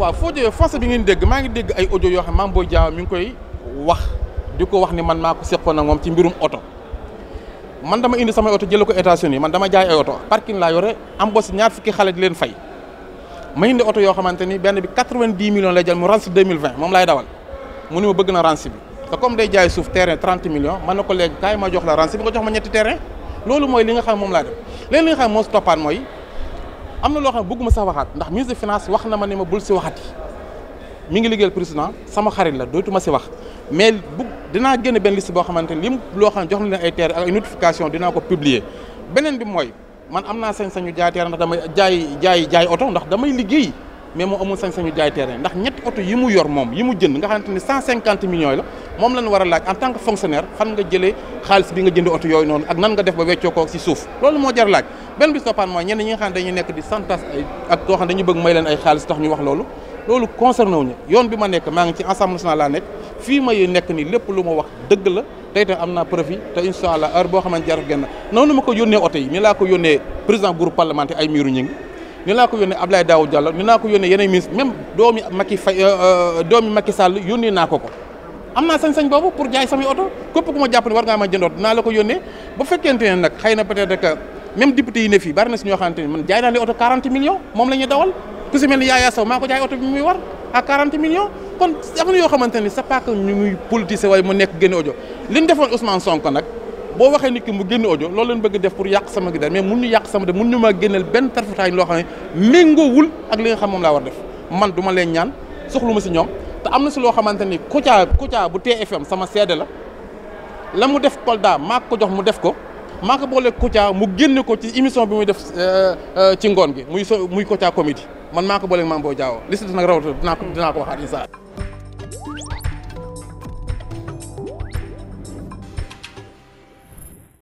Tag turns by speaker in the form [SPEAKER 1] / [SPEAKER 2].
[SPEAKER 1] waaw foo jógee force bi ngeen dégg maa ngi dégg ay audio yoo xam Mame Boye Diao koy wax di ko wax ni man maa ko seqoon ak moom ci mbirum oto man dama indi samay oto jëlee ko États-Unis man dama jaay ay oto parking laa yore am bos ñaar fukki xale leen fay ma indi oto yoo xamante ni benn bi 90 millions lay jël mu ransi moom laay dawal mu ni ma bëgg na ransi bi te comme day jaay suuf terrain 30 millions man na ko léegi kaay ma jox la ransi li nga xam moom laa def léegi li moo am na loo xam ne bëgguma sax waxaat ndax ministre des finances wax na ma ne ma bul si waxati mi ngi liggéeyal président sama xarit la dootuma si wax mais bu dinaa génn benn liste boo xamante ni lim loo xam ne jox na leen ay terre ak ay notification dinaa ko publier beneen bi mooy man naa sañ-sañu jaay terrain ndax damay jaay jaay oto ndax damay liggéey mais moom amul sañ-sañu jaay terrain ndax ñetti oto yi mu yor moom yi mu jënd nga xamante ni 150 millions la moom lañ war a laaj en tant que fonctionnaire fan nga jëlee xaalis bi nga jënd oto yooyu noonu ak nan def ba weccoo ko si moo jar benn bis toppaan mooy ñenn ñi nga xam ne dañu nekk di santas ay ak koo xam dañu bëgg may leen ay xaalis tax ñu wax loolu loolu concerné wuñu yoon bi ma nekk maa ngi ci assemblée nationale laa nekk fii may nekk ni lépp lu ma wax dëgg la tey tam am naa profit te incha allah heure boo xamante jarul genn noonu ma ko yónnee oto yi ko yónnee président groupe parlementaire ay miiru ñi ngi ni laa ko yónnee Abdoulaye Daouda Diallo ni laa ko yónnee yeneen ministre même doomi Macky euh, euh, naa ko ko am naa sañ-sañ boobu pour jaay samay oto képp ku ma jàpp ne war ngaa ma la ko yónnee ba fekkente ne nag xëy na peut-être même député yi ne fii bari na si ñoo xamante ni man jaay naa li oto 40 millions moom la ñuy dawal ku si mel ni Yaya Sow maa ko jaay oto bi muy war à 40 millions kon am mu nekk génn audio li ñu defoon Ousmane Sonko nag boo waxee nit ki mu génn audio loolu leen bëgg def pour yàq sama der mais mun ñu yàq sama der mun ñu ma génneel benn tarfataay loo xam ne méngoowul ak li xam moom laa war def man du leen ñaan soxlu ma si ñoom te am na si loo xamante ni Kouthia Kouthia bu TFM sama seede la la mu def Kolda maa ko jox mu def ko maa ko boole mu génn ko ci émission bi muy def euh, euh, ci ngoon gi muy muy Kouthia comédie man maa ko boole Mame Boye Diao li si des nag rawatina dinaa ko dinaa ko waxaat incha